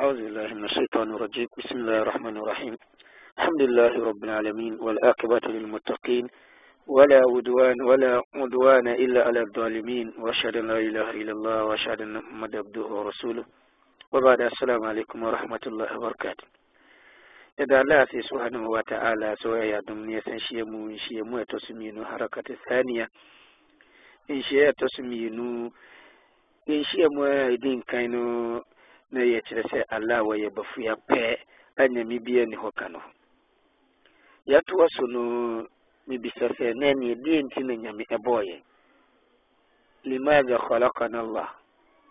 أعوذ بالله من الشيطان الرجيم بسم الله الرحمن الرحيم الحمد لله رب العالمين والآقبة للمتقين ولا عدوان ولا عدوان إلا على الظالمين وأشهد أن لا إله إلا الله وأشهد أن محمدا عبده ورسوله وبعد السلام عليكم ورحمة الله وبركاته إذا لا سبحانه وتعالى سوى يا دمني سنشيمو إنشيمو يتسمينو حركة الثانية إنشيمو يتسمينو إنشيمو يدين كاينو na kyerɛ sɛ allah wɔyɛ bafua pɛɛ anyame biaa ni hɔ ka no ho yɛatoa so no mebisa sɛ na ɛneɛ deɛ nti na nyame ɛbɔɔyɛ limada khalakana allah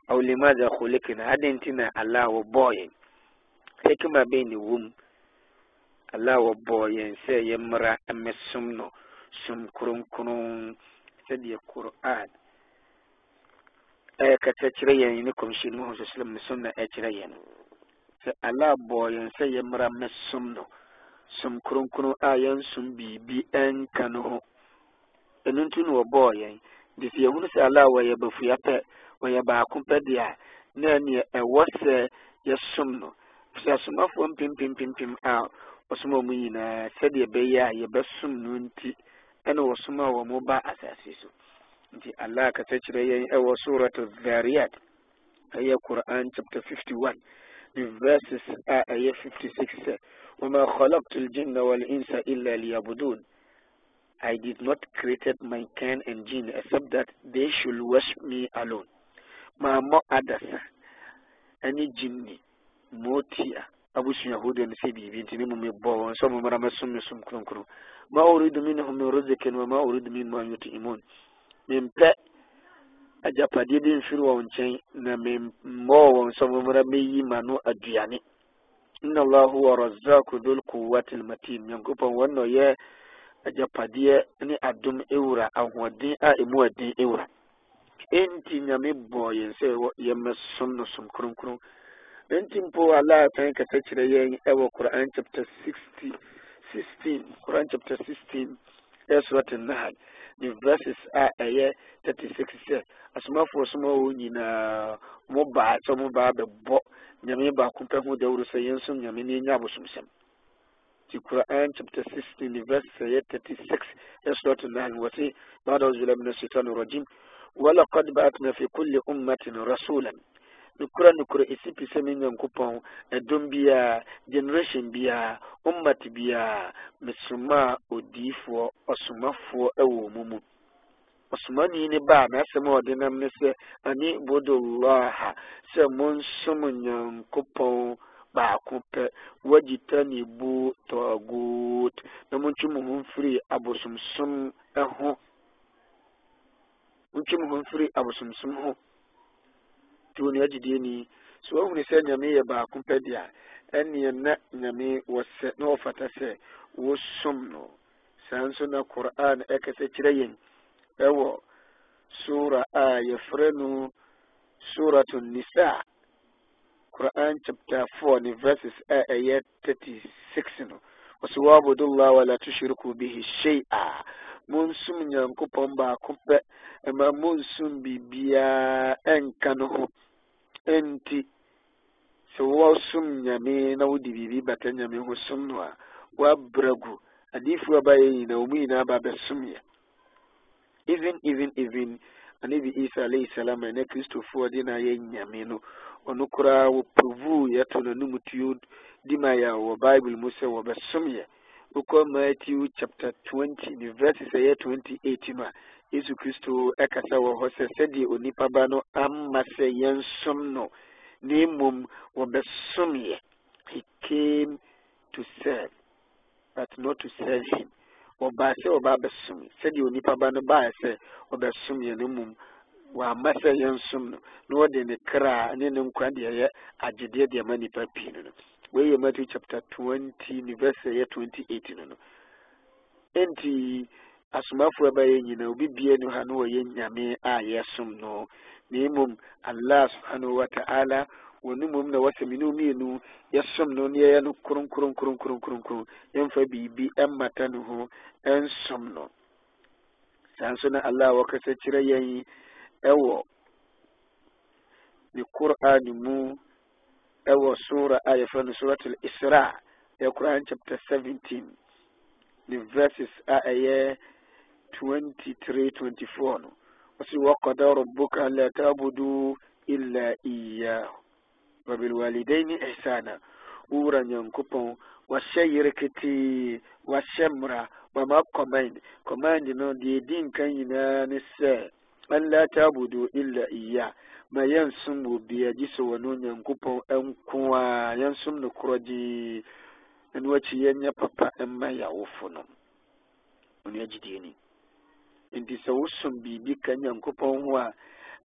au limada khulikna adɛn nti na allah wɔbɔɔ yɛn hikima bɛn ne wom allah wɔbɔɔ yɛn sɛ yɛmmra mɛsom no som kronkron sɛdeɛ quran ɛyɛka kyerɛkyerɛ yɛn ne kɔmhyɛn e mu hosɛ sɛlɛm e e ne som na ɛkyerɛ yɛn sɛ allah bɔɔ yɛn sɛ yɛmmra mɛsom no som kronkron a yɛnsom biribi ɛnka no ho ɛno nti na wɔbɔɔ yɛn nti sɛ yɛhunu sɛ allah wɔyɛ bafua pɛ wɔyɛ baako pɛ deɛ a na ɛneɛ ɛwɔ sɛ yɛsom no sɛ asomafoɔ mpempempempem a ɔsoma mu nyinaa sɛdeɛ ɛbɛyɛ a yɛbɛsom no nti ɛne wɔsoma a ba asase so nti allah ka cire yayin ɛwɔ suratul zariyat ɛyɛ quran chapter 51 the verses a ɛyɛ 56 sɛ wama khalaqtu aljanna walinsa illa liyabudun I did not created my kind and jinn except that they should worship me alone. Ma Maamo adasa ɛne jinni motia abu ahodoɔ yahudi ne sai nti ne mu me bo so mu mara masum me som kronkron ma uridu minhum rizqan wa ma uridu minhum an yutimun mempɛ agyapadeɛ bi mfiri wɔn nkyɛn na memmɔɔ wɔn sɛ mommra meyi ma no aduane inna allahu wa razzaku dhul quwwati almatin nyankopɔn wɔn na ɔyɛ agyapadeɛ ne adom ewura ahoɔden a emu aden ewura enti nyame bɔɔ yɛn sɛ yɛmmɛsom no som kronkron enti mpo allah tan kasa kyerɛ yɛn ɛwɔ quran chapter 60 16 quran chapter sixteen ɛyɛ surat an the verses a thirty six sɛ asomafoɔ soma wo nyinaa mo baa sɛ mo baa bɛbɔ nyame baako pɛ ho dawuro sɛ yɛn nso nyame ne yɛnya abosomsɛm chapter sixteen the verse ɛyɛ thirty six ɛsorɔ to nine wɔ se bada ɔzulamu na shaitan rajim ولقد بعثنا في كل nokora nokora ɛsi pi sɛ me nyankopɔn ɛdom biaa generation biaa ummat biaa mesoma a ɔsomafoɔ ɛwɔ mu mu ɔsomani ne baa n'asɛm a ɔde nam ne sɛ ani bodollaha sɛ monsom nyankopɔn baako pɛ wagita ne bu tɔgoot na montwe mo ho mfiri abosomsom montwe mo ho mfiri abosomsom wɔn agyidie ni so wɔhunu sɛ nyame yɛ baako pɛ deɛ ɛnneɛ na nyame wɔsɛ na wɔfata sɛ wɔsom no saa nso na koran ɛkasa kyerɛ yɛn ɛwɔ sura a yɛfrɛ no suratu nisa Quran chapter four ne verses a ɛyɛ thirty six no wɔsɛ wɔabodullah wala tushriku bihi shay'a monsum nyankopɔn baako pɛ ɛma monsum biribiaa ɛnka no ho enti sɛ wɔsom nyame na wode biribi bata nyame ho som no a woabragu adiifoɔ abayɛ wo mu nyinaa ba bɛsom yɛ even even even anebi isa alayhi salam ɛnɛ kristofoɔ de no ayɛ nyame no ɔno koraa wɔprovuu yɛto no nomu tuo di ma yɛ wɔ bible mu sɛ wɔbɛsom yɛ wokɔ matthew chapter 20 ne verses sɛ ɛyɛ 28 no a yesu kristo Ekasa wɔ hɔ sɛ sɛdeɛ onipa ba no amma sɛ yɛnsom no na mmom wɔbɛsomeɛ he came to serve but not to serve him ɔbaa sɛ ɔbaa bɛsom sɛdeɛ onipa ba no baa sɛ ɔbɛsomeɛ no mmom wɔamma sɛ yɛnsom no na wɔde ne kra ne ne nkwa deɛ ɛyɛ agyedeɛ deɛ ma nnipa pii no no wɔyɛ matthew chapter 20 ne verse ɛyɛ 28 no no enti asomafoɔ ɛbɛyɛ nyinaa obi bie no ha no wɔyɛ nyame a yɛsom no na mmom allah subhanahu wa ta'ala wɔne mmom na wɔsɛ mene mmienu yɛsom no ne yɛyɛ no kronkronkronkronkronkron yɛmfa biribi mmata no ho nsom no saa nso na allah wɔkasa kyerɛ yɛn ɛwɔ ne qur'an mu ɛwɔ sura a yɛfrɛ no surat al isra ɛyɛ quran chapter 17 ne verses a ɛyɛ 23:24 24 wasu waƙada rabbuka Allah ta budu illa iya wa walidai ni ihsana wuran yankufan washe yirkiti washe mura wa ma command command no de din kan yina ni se Allah ta budu illa iya ma yan sun biya ji so wani yankufan ɗan kuwa yan sun nukuraji in wace yanya papa in ma yawo funum wani ya ji dini. nti sɛ wosom biribi ka nyankopɔn ho a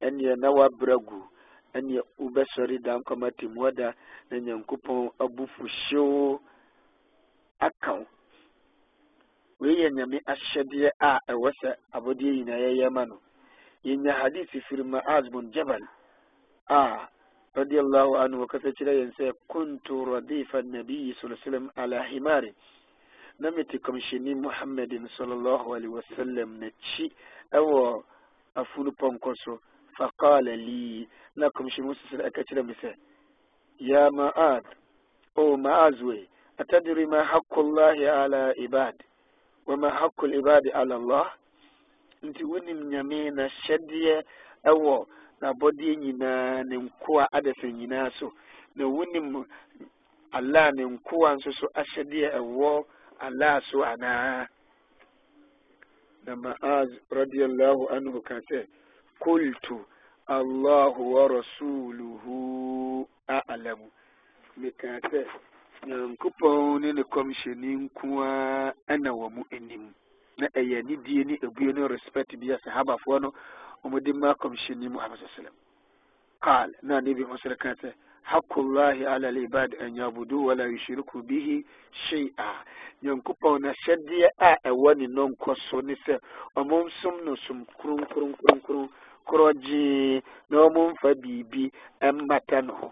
ɛneɛ na wabrɛ gu ɛneɛ wobɛsɔre da nkɔma temuada na nyankopɔn abufuhyew aka wo wei yɛ nyame ahyɛdeɛ a ɛwɔ sɛ abɔdeɛ nyinaa yɛyɛ ma no yɛnya hadisi firi ma'az bun jabal a radiallahu anhu wɔkasa kyerɛ yɛn sɛ kuntu radifa nabiyi sallallahu alaihi wasallam ala himari نمتي كمشيني محمد صلى الله عليه وسلم نتشي أو أفولو بانكوسو فقال لي نكم شموس سلأكتر مثل يا ما آد أو ما أزوي أتدري ما حق الله على عباد وما حق العباد على الله أنت وني من يمين الشدية أو نبدي نينا ننكوى أدف نيناسو نوني الله ننكوى أنسو أشدية أو Allah so ana da ma'az radiyallahu anhu kan ce kultu Allahu wa rasuluhu a'lamu me kan ce nyankopɔn ne ne kɔmhyɛni nko a ɛna wɔ na ɛyɛ ne die ne abue no respect bi a sahabafoɔ no ma kɔmhyɛni mu abasasalam kaal na ne bi mo sere حق الله على العباد أن يعبدوا ولا يشركوا به شيئا ينكبا ونشدية أعوان ننكو سونسة ومم سم نسم كرون كرون كرون كرون كروجي نومم فبيبي أمتنه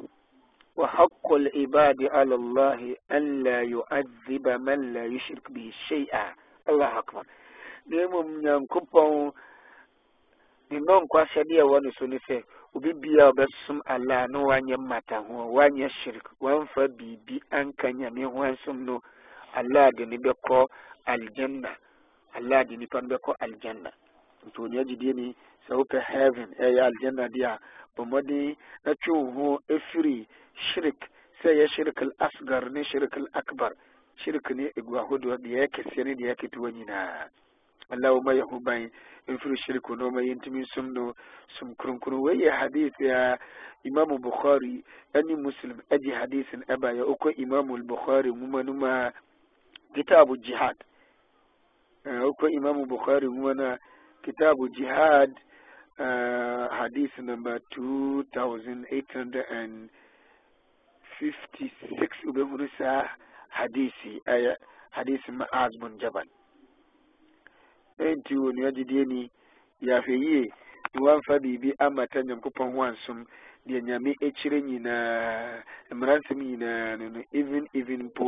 وحق العباد على الله أن لا يعذب من لا يشرك به شيئا الله أكبر نمم ينكبا ننكو شدية ونسونسة obibia a ɔbɛsom allah no wanyɛ mmata ho wanyɛ shirk wamfa biribi anka nyame ho asom no allah de ne bɛkɔ aljanna allah de nipa no bɛkɔ aljanna nti onua gyidie ni sɛ wopɛ heaven ɛyɛ e aljanna deɛ a bɔmmɔden na twe wo ho efiri shirk sɛ ɛyɛ shirk al asgar ne shirk al akbar shirk ne egu ahodoɔ deɛ ɛyɛ kɛseɛ ne deɛ ɛketewa nyinaa ملاو ما إن انفرو شركو نوما ينتمين سمنو سم كرون كرون وي حديث يا إمام بخاري أني مسلم أدي حديث أبا يا أكو إمام البخاري مما نما كتاب الجهاد أكو آه، إمام البخاري مما كتاب الجهاد آه، حديث نمبر 2856 وبمرسى حديثي آية، حديث معاذ بن جبل nti onua gyidie ni yɛahwɛ yie na wamfa biribi amata nyankopɔn ho ansom deɛ nyame akyire nyinaa mmaransɛm nyinaa no no even even mpo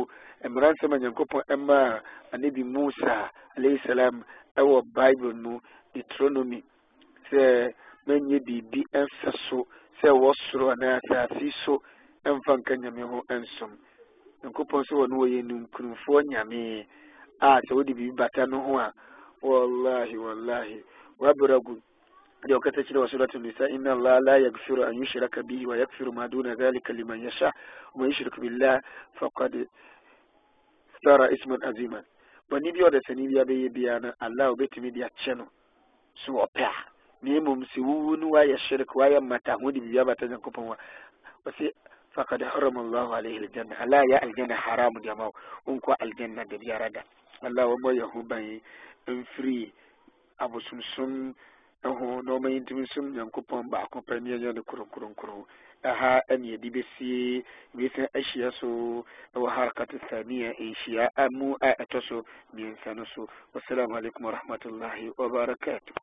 mmaransɛm a nyankopɔn ɛmaa anabi musa alayhi salam ɛwɔ bible mu deuteronomy sɛ manyɛ biribi ɛnsa so sɛ ɛwɔ soro anaa asase so ɛmfa nka nyame ho ɛnsom nyankopɔn sɛ wɔne wɔyɛ no nyame a sɛ wode biribi bata no ho a wallahi wallahi wabragu لو كتشنا وسورة النساء إن الله لا يغفر أن يشرك به ويغفر ما دون ذلك لمن يشاء ومن يشرك بالله فقد افترى اسما عظيما bɔne bi a ɔde sani bi abɛyɛ bia no ala a obɛtumi de akyɛ no so ɔpɛ a na mmom sɛ wuwu no woayɛ shirk woayɛ mmata ho de biribi abata nyankopɔn wa ɔse fakad harama llahu alaihi aljanna ala yɛ aljanna haram deama wo wonkɔ aljanna da biara da ala wɔmmɔ yɛ ho ban mfiri abosomsom ho na ɔma yɛntumi som nyankopɔn baako pɛ ne yɛnyɛ no kronkronkron ɛha ɛne yɛde bɛsie bɛsan ahyia so ɛwɔ harakato thania nhyia mu a ɛtɔ so mmiɛnsa no so Wasalamu alaikum warahmatullahi wabarakatuh